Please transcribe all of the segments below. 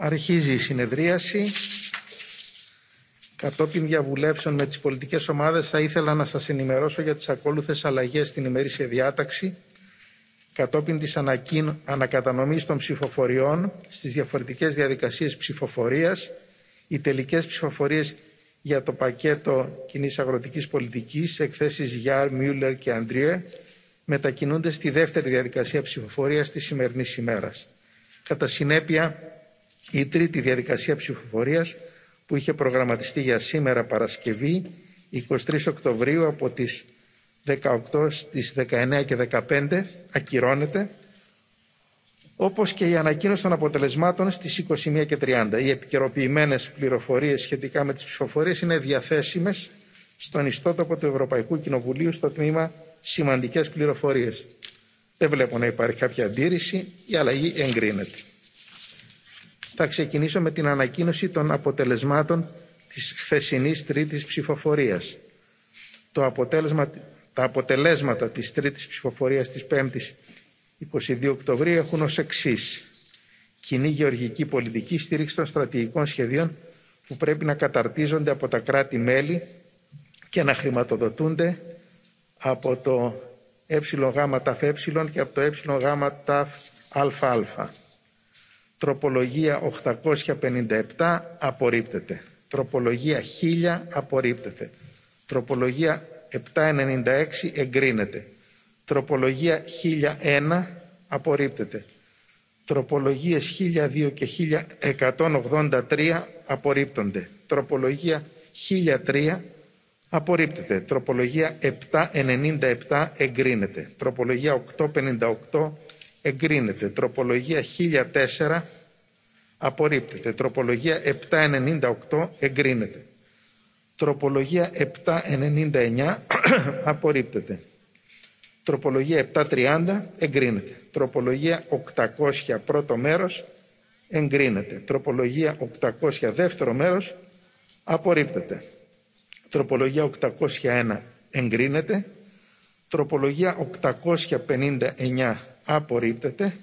Αρχίζει η συνεδρίαση. Κατόπιν διαβουλεύσεων με τις πολιτικές ομάδες θα ήθελα να σας ενημερώσω για τις ακόλουθες αλλαγές στην ημερήσια διάταξη κατόπιν της ανακατανομής των ψηφοφοριών στις διαφορετικές διαδικασίες ψηφοφορίας οι τελικές ψηφοφορίες για το πακέτο κοινή αγροτικής πολιτικής εκθέσεις Γιάρ, Μιούλερ και Αντριέ μετακινούνται στη δεύτερη διαδικασία ψηφοφορίας της σημερινής ημέρας. Κατά συνέπεια, η τρίτη διαδικασία ψηφοφορίας που είχε προγραμματιστεί για σήμερα Παρασκευή 23 Οκτωβρίου από τις 18 στις 19 και 15 ακυρώνεται όπως και η ανακοίνωση των αποτελεσμάτων στις 21 και 30. Οι επικαιροποιημένες πληροφορίες σχετικά με τις ψηφοφορίες είναι διαθέσιμες στον ιστότοπο του Ευρωπαϊκού Κοινοβουλίου στο τμήμα Σημαντικές πληροφορίες. Δεν βλέπω να υπάρχει κάποια αντίρρηση. Η αλλαγή εγκρίνεται θα ξεκινήσω με την ανακοίνωση των αποτελεσμάτων της χθεσινής τρίτης ψηφοφορίας. Το αποτέλεσμα, τα αποτελέσματα της τρίτης ψηφοφορίας της 5ης 22 Οκτωβρίου έχουν ως εξή. Κοινή γεωργική πολιτική στήριξη των στρατηγικών σχεδίων που πρέπει να καταρτίζονται από τα κράτη-μέλη και να χρηματοδοτούνται από το ΕΓΤΑΦΕ και από το εΓΤΑΦΑΛΦΑ. Τροπολογία 857 απορρίπτεται. Τροπολογία 1000 απορρίπτεται. Τροπολογία 796 εγκρίνεται. Τροπολογία 1001 απορρίπτεται. Τροπολογίες 1002 και 1183 απορρίπτονται. Τροπολογία 1003 απορρίπτεται. Τροπολογία 797 εγκρίνεται. Τροπολογία 858 εγκρίνεται. Τροπολογία 1004 απορρίπτεται. Τροπολογία 798 εγκρίνεται. Τροπολογία 799 απορρίπτεται. Τροπολογία 730 εγκρίνεται. Τροπολογία 800 πρώτο μέρος εγκρίνεται. Τροπολογία 800 δεύτερο μέρος απορρίπτεται. Τροπολογία 801 εγκρίνεται. Τροπολογία 859 απορρίπτεται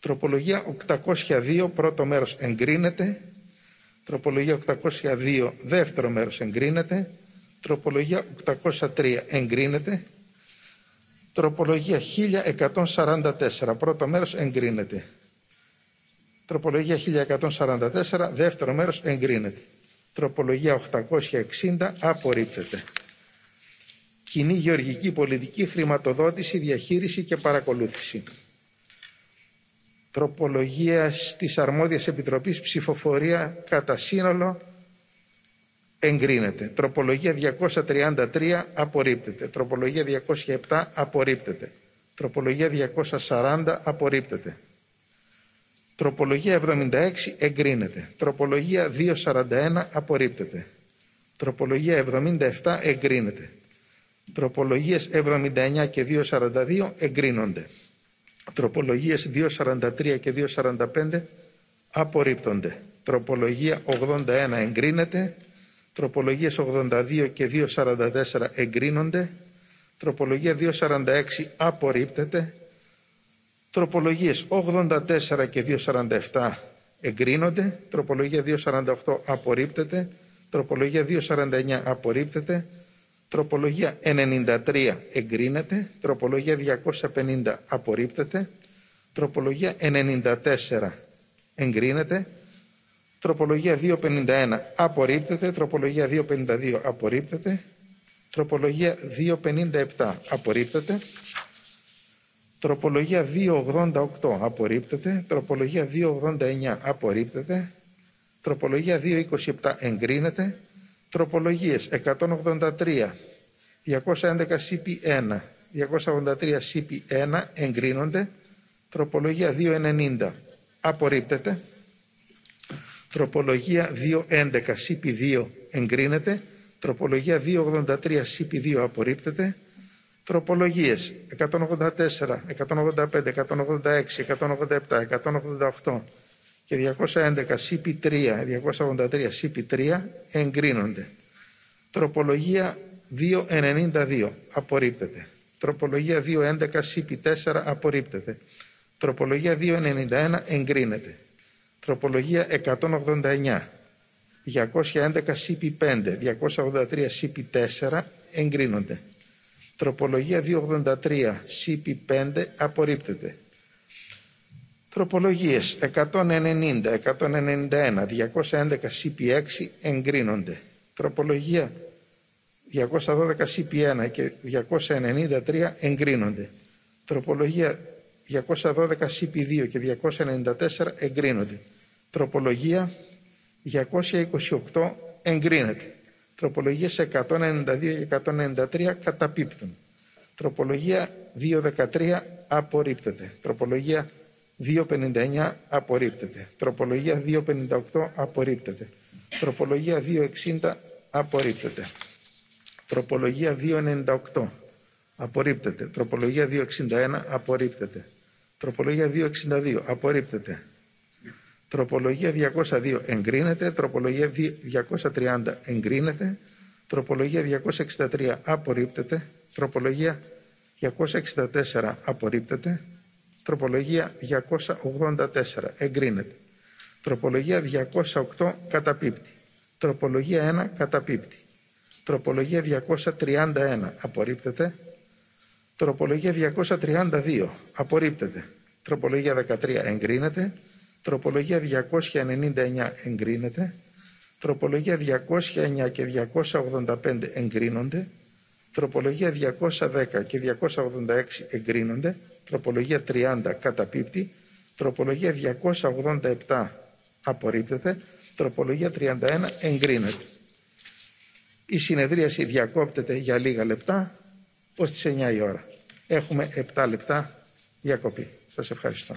τροπολογία 802 πρώτο μέρος εγκρίνεται τροπολογία 802 δεύτερο μέρος εγκρίνεται τροπολογία 803 εγκρίνεται τροπολογία 1144 πρώτο μέρος εγκρίνεται τροπολογία 1144 δεύτερο μέρος εγκρίνεται τροπολογία 860 απορρίπτεται κοινή γεωργική πολιτική, χρηματοδότηση, διαχείριση και παρακολούθηση. Τροπολογία της αρμόδιας επιτροπής ψηφοφορία κατά σύνολο εγκρίνεται. Τροπολογία 233 απορρίπτεται. Τροπολογία 207 απορρίπτεται. Τροπολογία 240 απορρίπτεται. Τροπολογία 76 εγκρίνεται. Τροπολογία 241 απορρίπτεται. Τροπολογία 77 εγκρίνεται. Τροπολογίες 79 και 242 εγκρίνονται. Τροπολογίες 243 και 245 απορρίπτονται. Τροπολογία 81 εγκρίνεται. Τροπολογίες 82 και 244 εγκρίνονται. Τροπολογία 246 απορρίπτεται. Τροπολογίες 84 και 247 εγκρίνονται. Τροπολογία 248 απορρίπτεται. Τροπολογία 249 απορρίπτεται. Τροπολογία 93 εγκρίνεται. Τροπολογία 250 απορρίπτεται. Τροπολογία 94 εγκρίνεται. Τροπολογία 251 απορρίπτεται. Τροπολογία 252 απορρίπτεται. Τροπολογία 257 απορρίπτεται. Τροπολογία 288 απορρίπτεται. Τροπολογία 289 απορρίπτεται. Τροπολογία 227 εγκρίνεται. Τροπολογίες 183, 211 CP1, 283 CP1 εγκρίνονται. Τροπολογία 290 απορρίπτεται. Τροπολογία 211 CP2 εγκρίνεται. Τροπολογία 283 CP2 απορρίπτεται. Τροπολογίες 184, 185, 186, 187, 188, και 211 CP3, 283 CP3 εγκρίνονται. Τροπολογία 292 απορρίπτεται. Τροπολογία 211 CP4 απορρίπτεται. Τροπολογία 291 εγκρίνεται. Τροπολογία 189. 211 CP5, 283 CP4 εγκρίνονται. Τροπολογία 283 CP5 απορρίπτεται. Τροπολογίες 190, 191, 211 CP6 εγκρίνονται. Τροπολογία 212 CP1 και 293 εγκρίνονται. Τροπολογία 212 CP2 και 294 εγκρίνονται. Τροπολογία 228 εγκρίνεται. Τροπολογίες 192 και 193 καταπίπτουν. Τροπολογία 213 απορρίπτεται. Τροπολογία 259 απορρίπτεται. Τροπολογία 258 απορρίπτεται. Τροπολογία 260 απορρίπτεται. Τροπολογία 298 απορρίπτεται. Τροπολογία 261 απορρίπτεται. Τροπολογία 262 απορρίπτεται. Τροπολογία 202 εγκρίνεται. Τροπολογία 230 εγκρίνεται. Τροπολογία 263 απορρίπτεται. Τροπολογία 264 απορρίπτεται. Τροπολογία 284 εγκρίνεται. Τροπολογία 208 καταπίπτει. Τροπολογία 1 καταπίπτει. Τροπολογία 231 απορρίπτεται. Τροπολογία 232 απορρίπτεται. Τροπολογία 13 εγκρίνεται. Τροπολογία 299 εγκρίνεται. Τροπολογία 209 και 285 εγκρίνονται. Τροπολογία 210 και 286 εγκρίνονται τροπολογία 30 καταπίπτει, τροπολογία 287 απορρίπτεται, τροπολογία 31 εγκρίνεται. Η συνεδρίαση διακόπτεται για λίγα λεπτά, ως τις 9 η ώρα. Έχουμε 7 λεπτά διακοπή. Σας ευχαριστώ.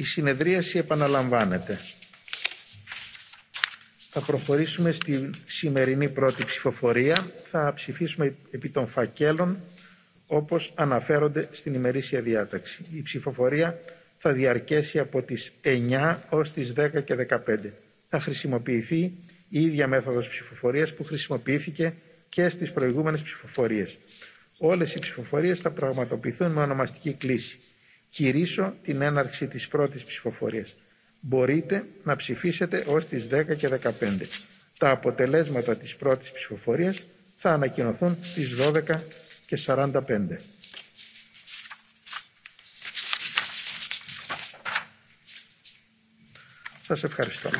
Η συνεδρίαση επαναλαμβάνεται. Θα προχωρήσουμε στη σημερινή πρώτη ψηφοφορία. Θα ψηφίσουμε επί των φακέλων όπως αναφέρονται στην ημερήσια διάταξη. Η ψηφοφορία θα διαρκέσει από τις 9 ως τις 10 και 15. Θα χρησιμοποιηθεί η ίδια μέθοδος ψηφοφορίας που χρησιμοποιήθηκε και στις προηγούμενες ψηφοφορίες. Όλες οι ψηφοφορίες θα πραγματοποιηθούν με ονομαστική κλίση κηρύσω την έναρξη της πρώτης ψηφοφορίας. Μπορείτε να ψηφίσετε ως τις 10 και 15. Τα αποτελέσματα της πρώτης ψηφοφορίας θα ανακοινωθούν στις 12 και 45. Σας ευχαριστώ.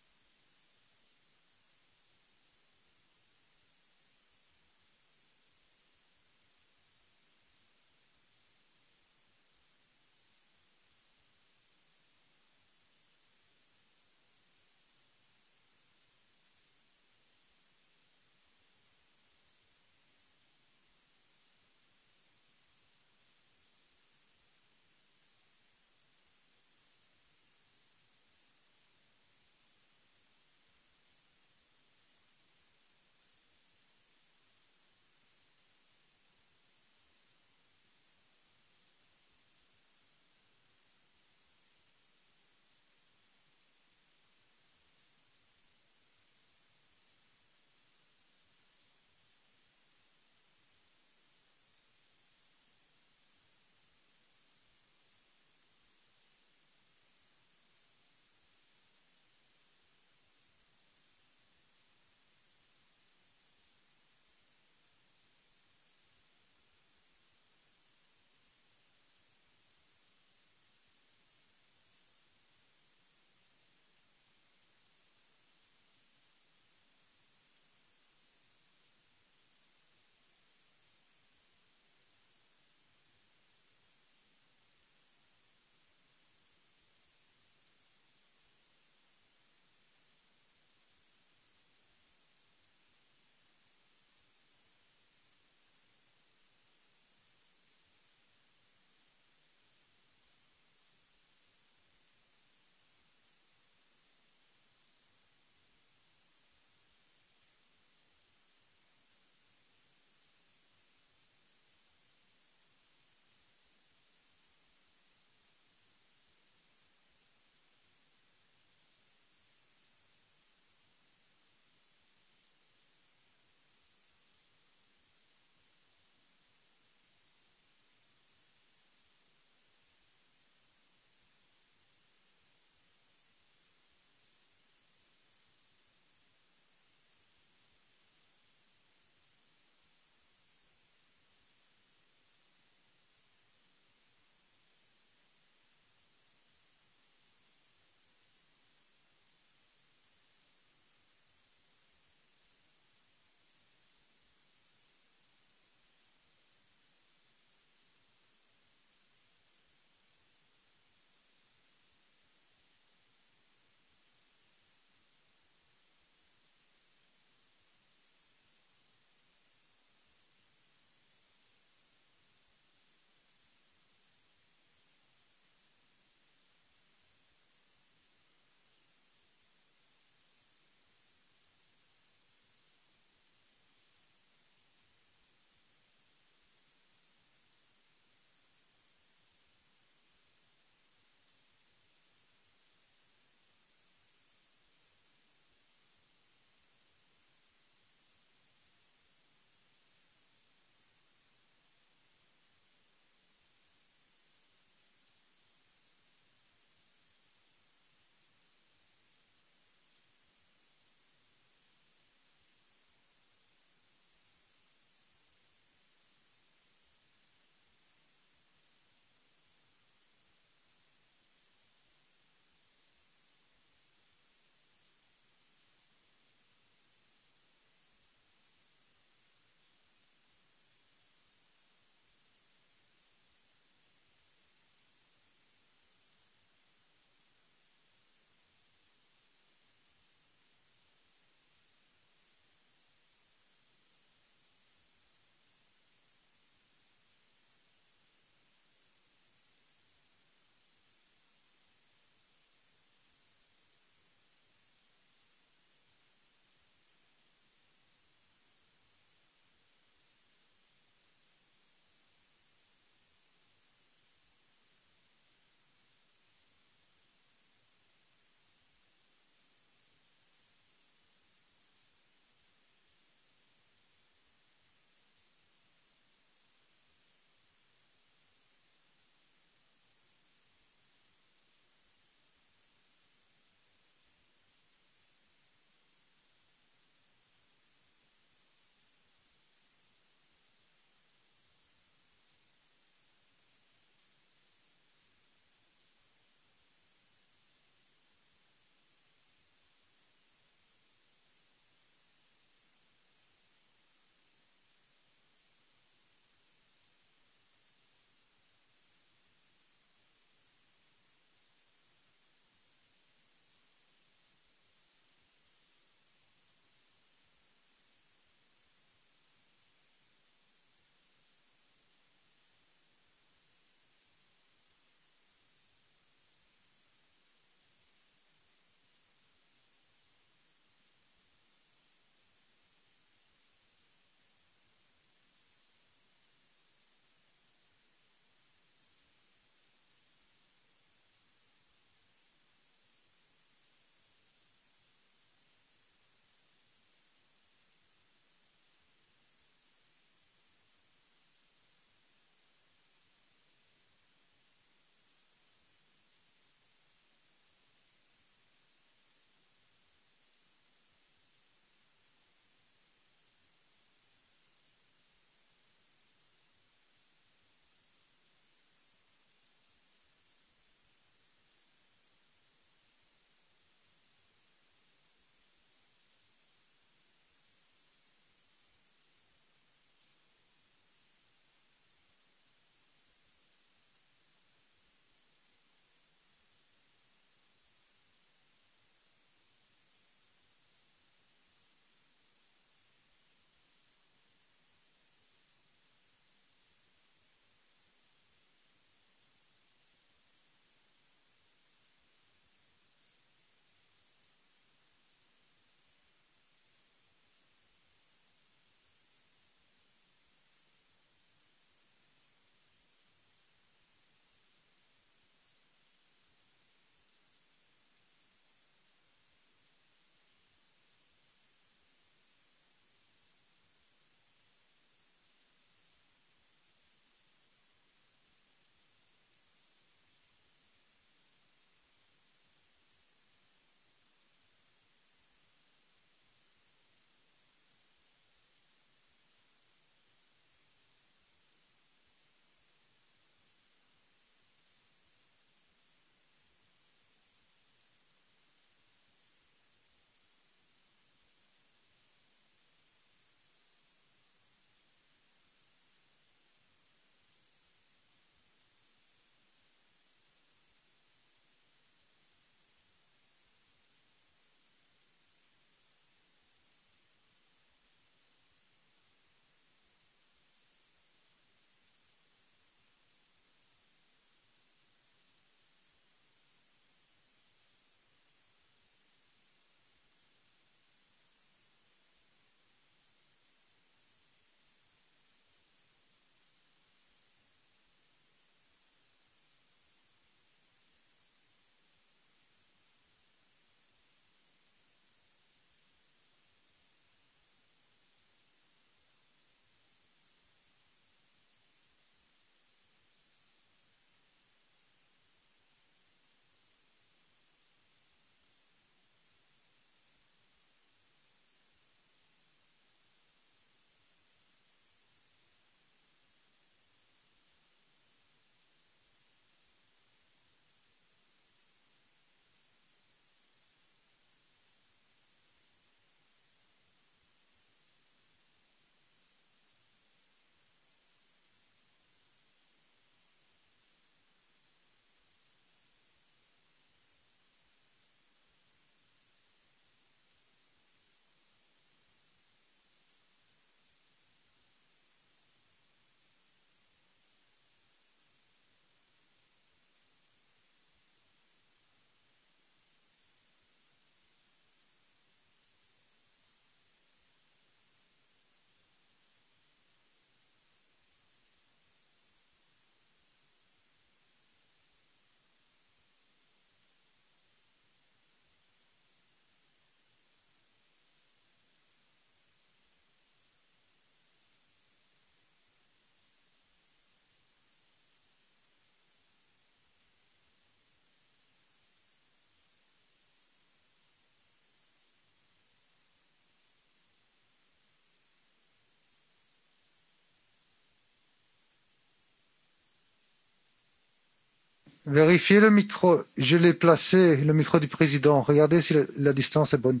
Vérifiez le micro. Je l'ai placé, le micro du président. Regardez si la distance est bonne.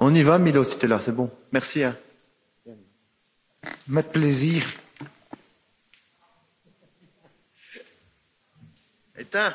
On y va, Milo, si là, c'est bon. Merci. Hein. plaisir. Éteins.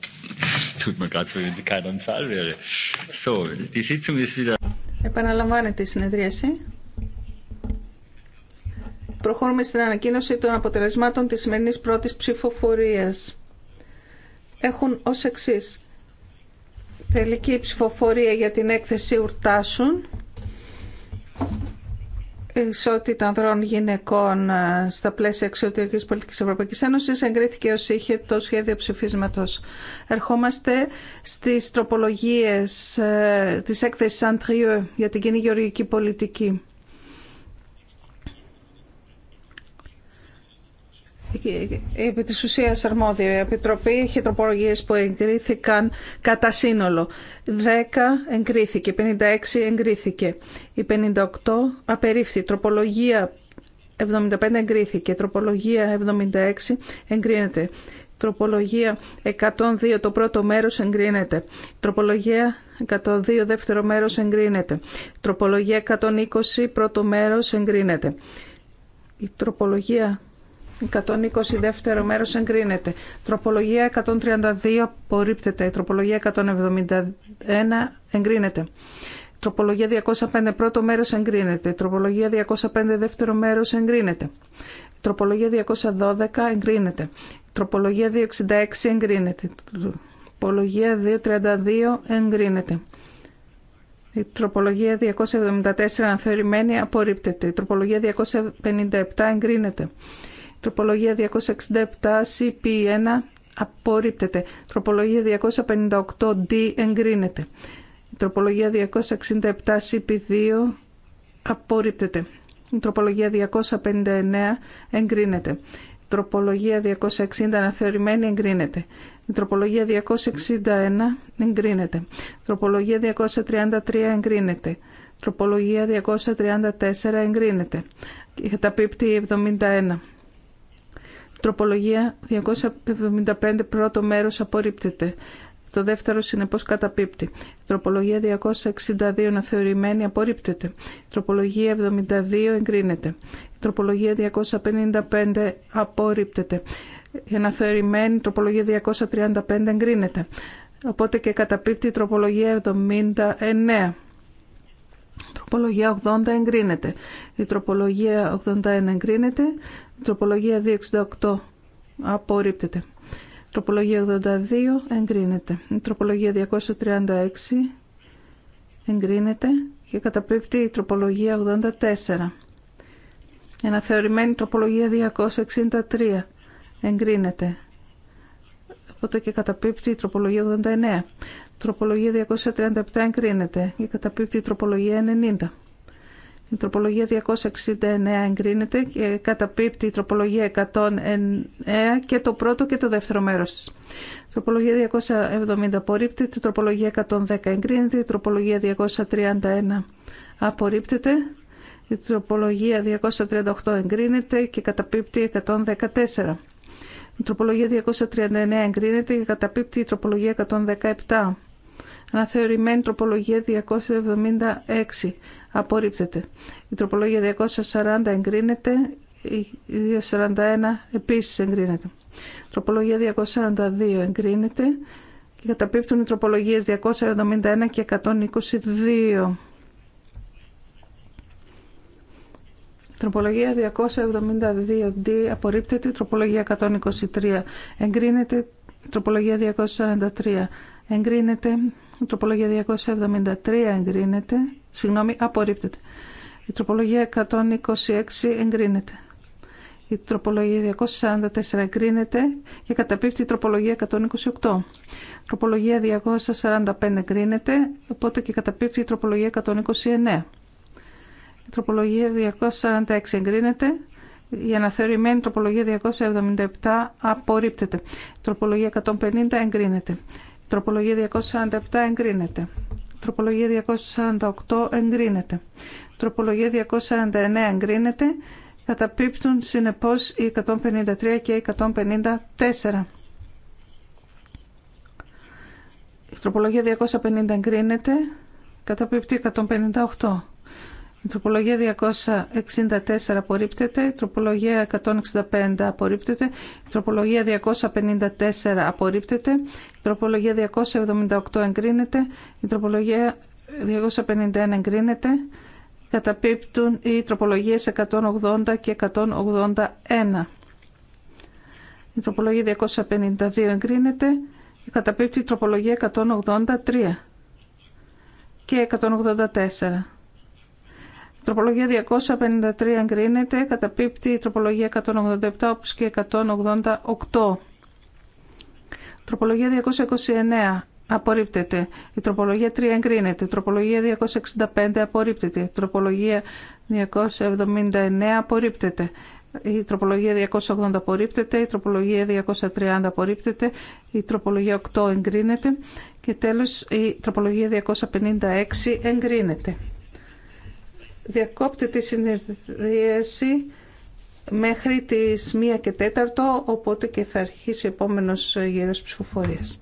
Επαναλαμβάνεται η συνεδρίαση. Προχωρούμε στην ανακοίνωση των αποτελεσμάτων της σημερινής πρώτης ψηφοφορίας. Έχουν ως εξής. Τελική ψηφοφορία για την έκθεση Ουρτάσουν ισότητα ανδρών γυναικών ε, στα πλαίσια εξωτερική πολιτική Ευρωπαϊκή Ένωση εγκρίθηκε ω είχε το σχέδιο ψηφίσματο. Ερχόμαστε στι τροπολογίε ε, τη έκθεση Αντριού για την κοινή γεωργική πολιτική. επί της ουσίας αρμόδια. Η Επιτροπή έχει τροπολογίες που εγκρίθηκαν κατά σύνολο. 10 εγκρίθηκε, 56 εγκρίθηκε, η 58 απερίφθη, τροπολογία 75 εγκρίθηκε, τροπολογία 76 εγκρίνεται, τροπολογία 102 το πρώτο μέρος εγκρίνεται, τροπολογία 102 δεύτερο μέρος εγκρίνεται, τροπολογία 120 πρώτο μέρος εγκρίνεται. Η τροπολογία 122 μέρος εγκρίνεται. Τροπολογία 132 απορρίπτεται. Τροπολογία 171 εγκρίνεται. Τροπολογία 205 πρώτο μέρος εγκρίνεται. Τροπολογία 205 δεύτερο μέρος εγκρίνεται. Τροπολογία 212 εγκρίνεται. Τροπολογία 266 εγκρίνεται. Τροπολογία 232 εγκρίνεται. Η τροπολογία 274 αναθεωρημένη απορρίπτεται. Η τροπολογία 257 εγκρίνεται. Τροπολογία 267 CP1 απορρίπτεται. Τροπολογία 258 D εγκρίνεται. Τροπολογία 267 CP2 απορρίπτεται. Τροπολογία 259 εγκρίνεται. Τροπολογία 260 αναθεωρημένη εγκρίνεται. τροπολογία 261 εγκρίνεται. Τροπολογία 233 εγκρίνεται. Τροπολογία 234 εγκρίνεται. Καταπίπτει 71. Τροπολογία 275 πρώτο μέρος απορρίπτεται. Το δεύτερο συνεπώς καταπίπτει. Τροπολογία 262 αναθεωρημένη απορρίπτεται. Τροπολογία 72 εγκρίνεται. Τροπολογία 255 απορρίπτεται. Η αναθεωρημένη τροπολογία 235 εγκρίνεται. Οπότε και καταπίπτει η τροπολογία 79. Τροπολογία 80 εγκρίνεται. Η τροπολογία 81 εγκρίνεται. Τροπολογία 268 απορρίπτεται. Τροπολογία 82 εγκρίνεται. Η τροπολογία 236 εγκρίνεται και καταπίπτει η τροπολογία 84. Αναθεωρημένη τροπολογία 263 εγκρίνεται. Οπότε και καταπίπτει η τροπολογία 89. Τροπολογία 237 εγκρίνεται και καταπίπτει η τροπολογία 90. Η τροπολογία 269 εγκρίνεται και καταπίπτει η τροπολογία 109 και το πρώτο και το δεύτερο μέρος Η τροπολογία 270 απορρίπτεται, η τροπολογία 110 εγκρίνεται, η τροπολογία 231 απορρίπτεται, η τροπολογία 238 εγκρίνεται και καταπίπτει 114. Η τροπολογία 239 εγκρίνεται και καταπίπτει η τροπολογία 117. Αναθεωρημένη τροπολογία 276. Απορρίπτεται. Η τροπολογία 240 εγκρίνεται. Η 241 επίσης εγκρίνεται. Η τροπολογία 242 εγκρίνεται. Και καταπίπτουν οι τροπολογίες 271 και 122. Τροπολογία 272D απορρίπτεται, τροπολογία 123 εγκρίνεται, τροπολογία 243 εγκρίνεται, η τροπολογία 273 εγκρίνεται. Συγγνώμη, απορρίπτεται. Η τροπολογία 126 εγκρίνεται. Η τροπολογία 244 εγκρίνεται και καταπίπτει η τροπολογία 128. Τροπολογία 245 εγκρίνεται, οπότε και καταπίπτει η τροπολογία 129. Η τροπολογία 246 εγκρίνεται. Η αναθεωρημένη τροπολογία 277 απορρίπτεται. Η τροπολογία 150 εγκρίνεται. Τροπολογία 247 εγκρίνεται. Τροπολογία 248 εγκρίνεται. Τροπολογία 249 εγκρίνεται. Καταπίπτουν συνεπώς οι 153 και οι 154. Η τροπολογία 250 εγκρίνεται. Καταπίπτει 158. Η τροπολογία 264 απορρίπτεται, η τροπολογία 165 απορρίπτεται, η τροπολογία 254 απορρίπτεται, η τροπολογία 278 εγκρίνεται, η τροπολογία 251 εγκρίνεται, καταπίπτουν οι τροπολογίες 180 και 181. Η τροπολογία 252 εγκρίνεται, η καταπίπτει η τροπολογία 183 και 184. Τροπολογία 253 εγκρίνεται, καταπίπτει τροπολογία 187 όπως και 188. Τροπολογία 229 απορρίπτεται. Η τροπολογία 3 εγκρίνεται. Η τροπολογία 265 απορρίπτεται. Η τροπολογία 279 απορρίπτεται. Η τροπολογία 280 απορρίπτεται, η τροπολογία 230 απορρίπτεται, η τροπολογία 8 εγκρίνεται και τέλος η τροπολογία 256 εγκρίνεται. Διακόπτεται η συνεδρίαση μέχρι τις 1 και 4, οπότε και θα αρχίσει ο επόμενος γύρος ψηφοφορίας.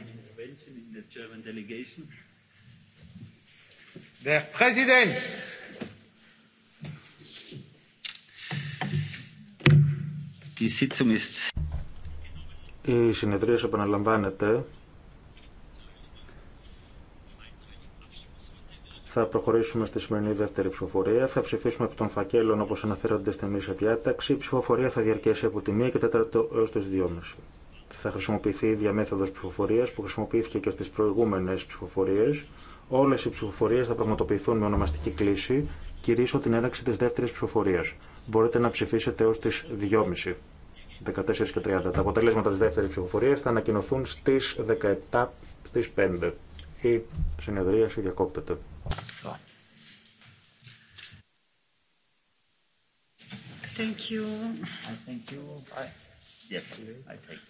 an intervention in Der Präsident! Die Sitzung ist. Η συνεδρίαση επαναλαμβάνεται. Θα προχωρήσουμε στη σημερινή δεύτερη ψηφοφορία. Θα ψηφίσουμε από τον φακέλων όπω αναφέρονται στην μισή διάταξη. Η ψηφοφορία θα διαρκέσει από τη 1 και 4 έω τι 2.30 θα χρησιμοποιηθεί η ίδια μέθοδο ψηφοφορία που χρησιμοποιήθηκε και στι προηγούμενε ψηφοφορίε. Όλε οι ψηφοφορίε θα πραγματοποιηθούν με ονομαστική κλίση. Κυρίσω την έναρξη τη δεύτερη ψηφοφορία. Μπορείτε να ψηφίσετε έως τι 2.30. 14 και 30. Τα αποτελέσματα τη δεύτερη ψηφοφορία θα ανακοινωθούν στι 17 στι 5. Η συνεδρίαση διακόπτεται. Thank you. I thank you. I, yes, I you.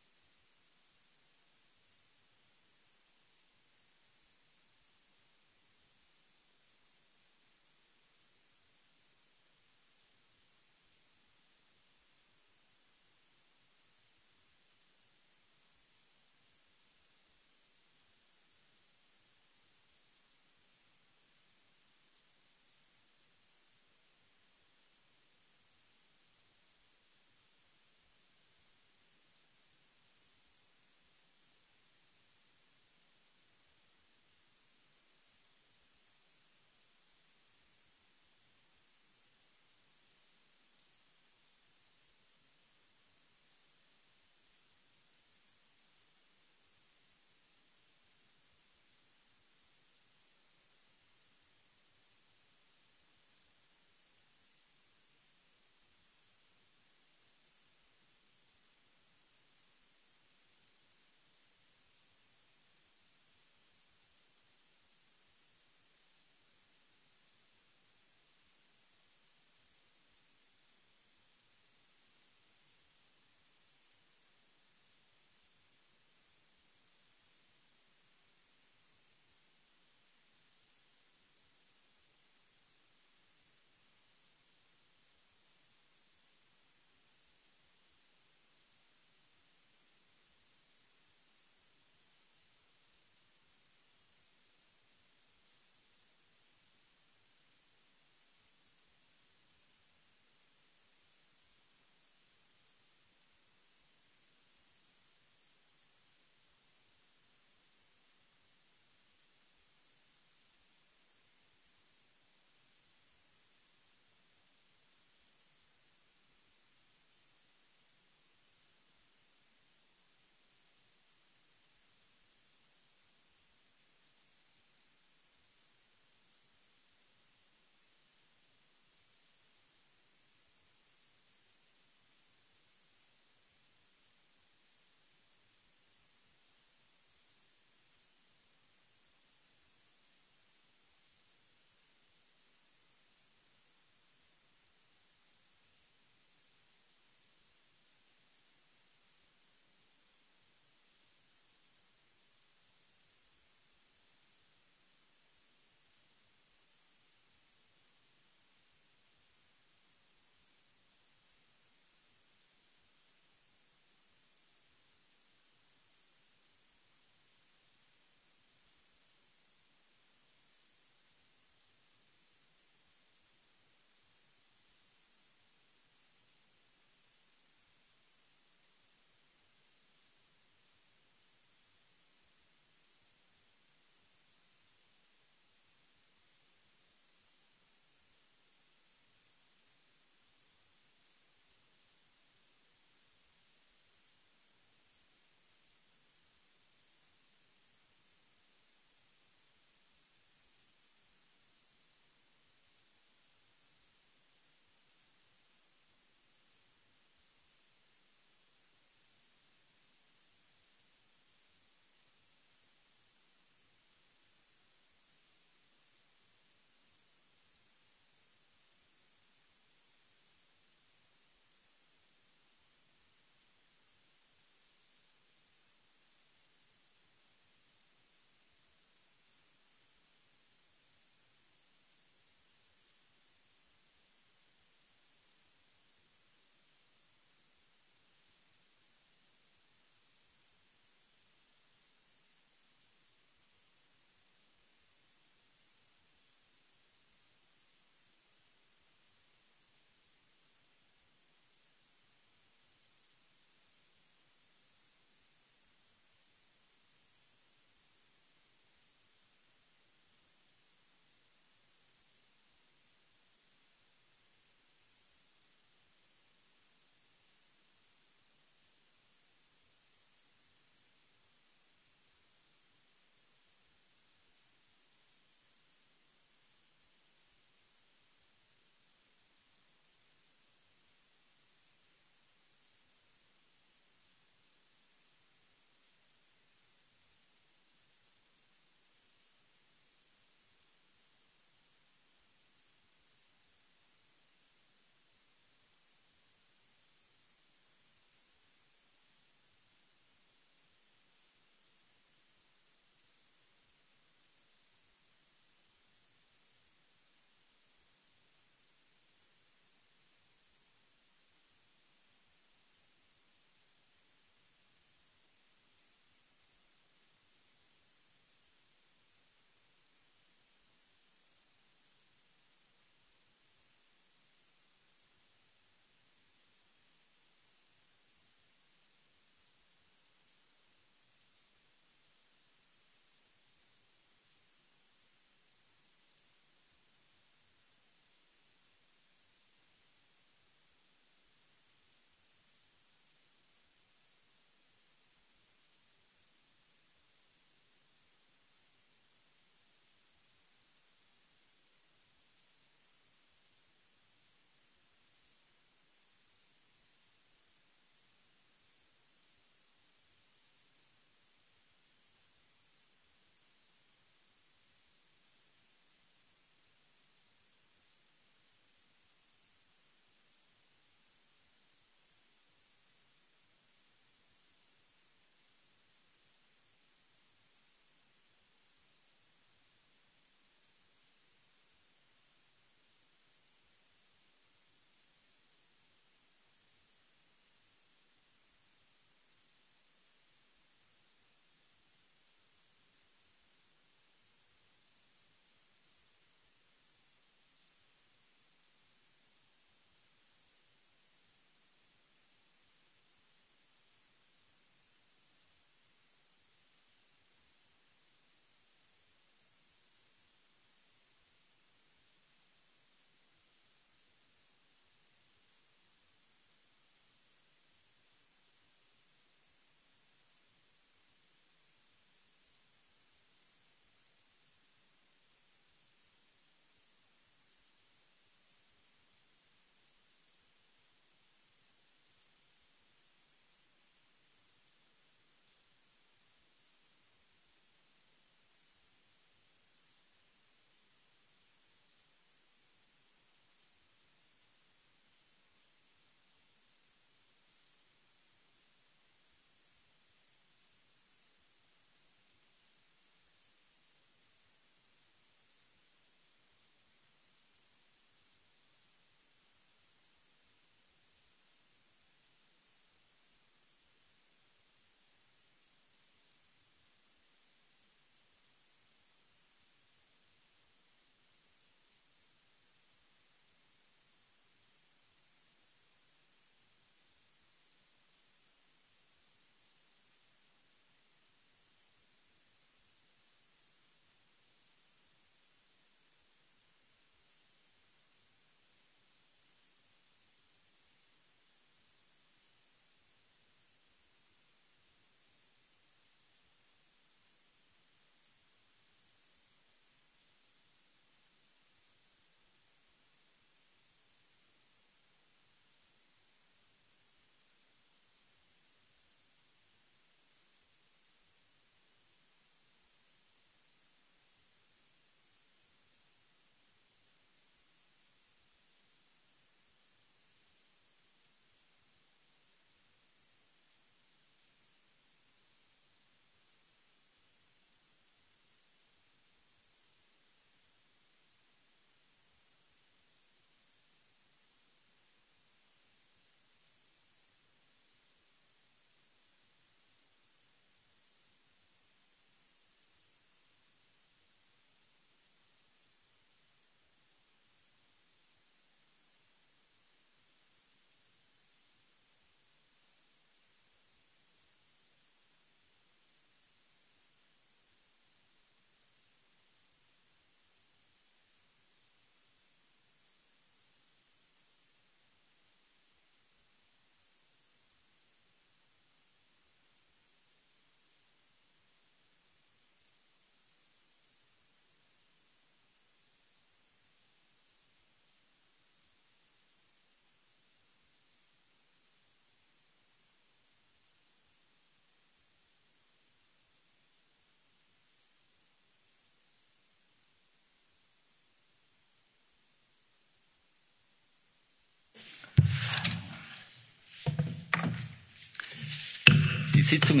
Sitzung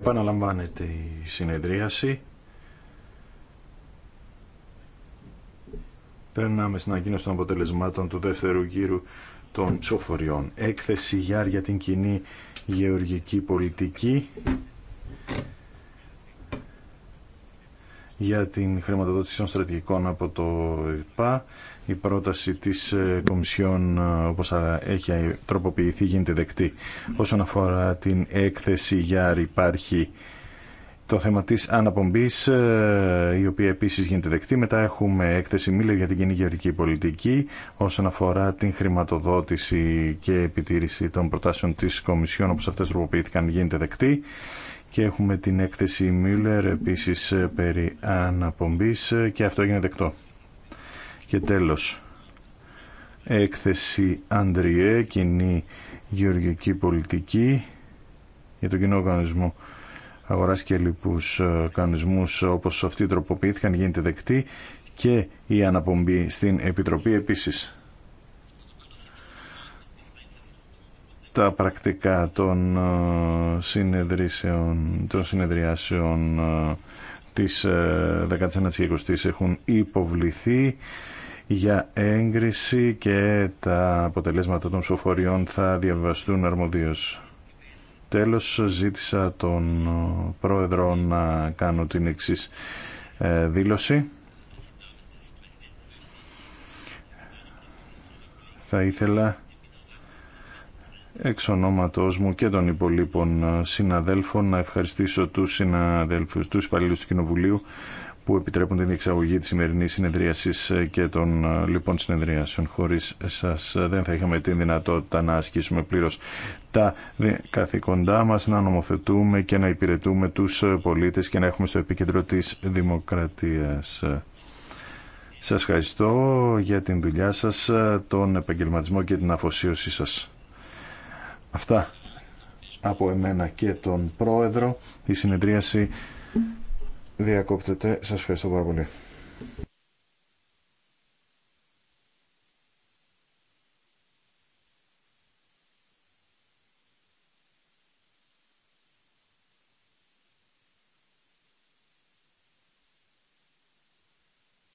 Επαναλαμβάνεται η συνεδρίαση. Περνάμε στην ανακοίνωση των αποτελεσμάτων του δεύτερου γύρου των ψηφοφοριών. Έκθεση Γιά για την κοινή γεωργική πολιτική για την χρηματοδότηση των στρατηγικών από το ΕΠΑ. Η πρόταση της ε, Κομισιόν, ε, όπως έχει τροποποιηθεί, γίνεται δεκτή. Όσον αφορά την έκθεση για υπάρχει το θέμα της αναπομπής, ε, η οποία επίσης γίνεται δεκτή. Μετά έχουμε έκθεση Μίλλερ για την κοινή γεωργική πολιτική, όσον αφορά την χρηματοδότηση και επιτήρηση των προτάσεων της Κομισιόν, όπως αυτές τροποποιήθηκαν, γίνεται δεκτή και έχουμε την έκθεση Μίλλερ επίσης ε, περί αναπομπής ε, και αυτό έγινε δεκτό. Και τέλος, έκθεση Αντριέ, κοινή γεωργική πολιτική για τον κοινό οργανισμό αγοράς και λοιπούς κανονισμούς ε, όπως αυτοί τροποποιήθηκαν γίνεται δεκτή και η αναπομπή στην Επιτροπή επίσης. τα πρακτικά των ε, των συνεδριάσεων ε, της 19ης ε, και 20ης έχουν υποβληθεί για έγκριση και τα αποτελέσματα των ψηφοφοριών θα διαβαστούν αρμοδίως. Τέλος, ζήτησα τον πρόεδρο να κάνω την εξή δήλωση. Θα ήθελα εξ ονόματός μου και των υπολείπων ε, συναδέλφων να ευχαριστήσω τους συναδέλφους, τους υπαλλήλους του Κοινοβουλίου που επιτρέπουν την διεξαγωγή της σημερινής συνεδρίασης ε, και των λοιπόν συνεδριάσεων. Χωρίς σας δεν θα είχαμε την δυνατότητα να ασκήσουμε πλήρως τα καθήκοντά μας, να νομοθετούμε και να υπηρετούμε τους πολίτες και να έχουμε στο επίκεντρο της δημοκρατίας. Σας ευχαριστώ για την δουλειά σας, τον επαγγελματισμό και την αφοσίωσή σας. Αυτά από εμένα και τον πρόεδρο. Η συνεδρίαση διακόπτεται. Σας ευχαριστώ πάρα πολύ.